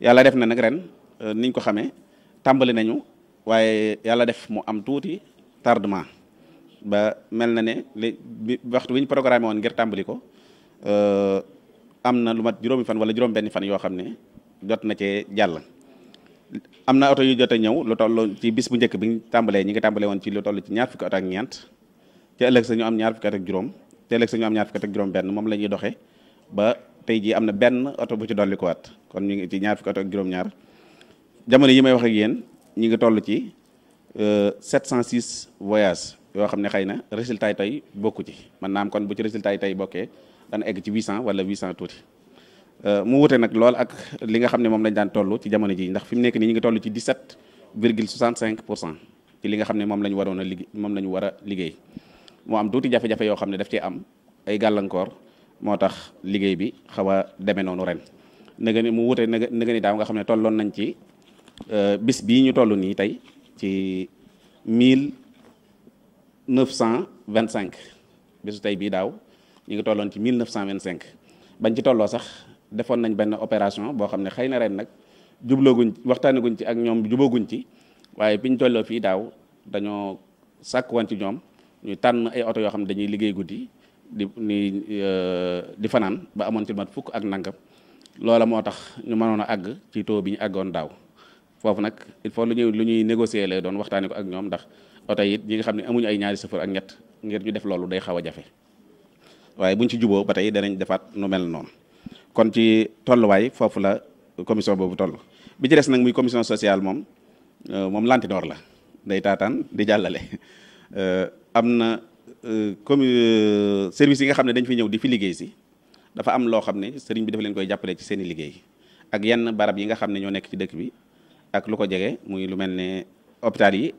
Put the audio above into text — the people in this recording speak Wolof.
yàlla def na nag ren euh, niñ ko xamee tàmbali nañu waaye yàlla def mu am tuuti tardement ba mel na ne li bi waxtu bi ñu programmé woon ngir tàmbali ko euh, am na lu mat juróomi fan wala juróom-benni fan yoo xam ne jot na cee jàll. am na oto yu jot a ñëw lu toll ci bis bu njëkk bi tàmbalee ñi ngi tàmbalee woon ci lu toll ci ñaar ak ñeent te ëllëg sa ñu am ñaar fukki at ak juróom te ëllëg sa ñu am ñaar fukki at ak benn moom la ñuy doxee tey jii am na benn oto bu ci dolli ko waat kon ñu ngi ci ñaar fukki oto ak juróom-ñaar jamono yi may wax ak yéen ñu ngi toll ci 706 euh, voyages yoo xam ne xëy na résultat yi tey bokku ci man naam kon bu ci résultat yi tey bokkee dana egg ci 800 wala 800 tuuti euh, mu wute nag lool ak li nga xam ne moom lañ daan toll ci jamono ji ndax fi mu nekk nii ñi ngi toll ci 17 virgule 65 pour cent ci li nga xam ne moom lañ waroon a liggéey moom la ñu war liggéey moo am tuuti jafe-jafe yoo xam ne daf cee am ay gàllankoor moo tax liggéey bi xaw a demee noonu ren nga ni mu wute nga ni daaw nga xam ne tolloon nañ ci euh, bis bii ñu toll nii tey ci mille neuf cent vingt cinq bisu tey bii daaw ñu ngi tolloon ci mille neuf cent vingt cinq bañ ci tolloo sax defoon nañ benn opération boo xam ne xëy na ren nag jublooguñ guñ ci ak ñoom jubaguñ ci waaye bi ñu tolloo fii daaw dañoo sàkk woon ci ñoom ñu tànn ay oto yoo xam ne dañuy liggéey guddi di ni eh, di fanaan ba amoon ci mat fukk ak nangam loola moo tax ñu mënoon a àgg ci taux bi ñu àggoon daaw foofu nag il faut lu ñuy lu ñuy négocier doon waxtaanee ko ak ñoom ndax oto it ñi nga xam ne amuñu ay ñaari sëfër ak ñett ngir ñu def loolu day xaw a jafe waaye buñ ci juboo ba tey danañ defaat nu mel noonu kon ci tolluwaay foofu la commission boobu toll bi ci des nag muy commission sociale moom euh, moom lantinoor la day taataan di jàllale euh, am na Euh, comme euh, service yi nga xam ne dañ fi ñëw di fi liggéey si dafa am loo xam ne sëriñ bi dafa leen koy jàppale ci seen i liggéey ak yenn barab yi nga xam ne ñoo nekk ci dëkk bi ak lu ko jege muy lu mel ne hôpital yi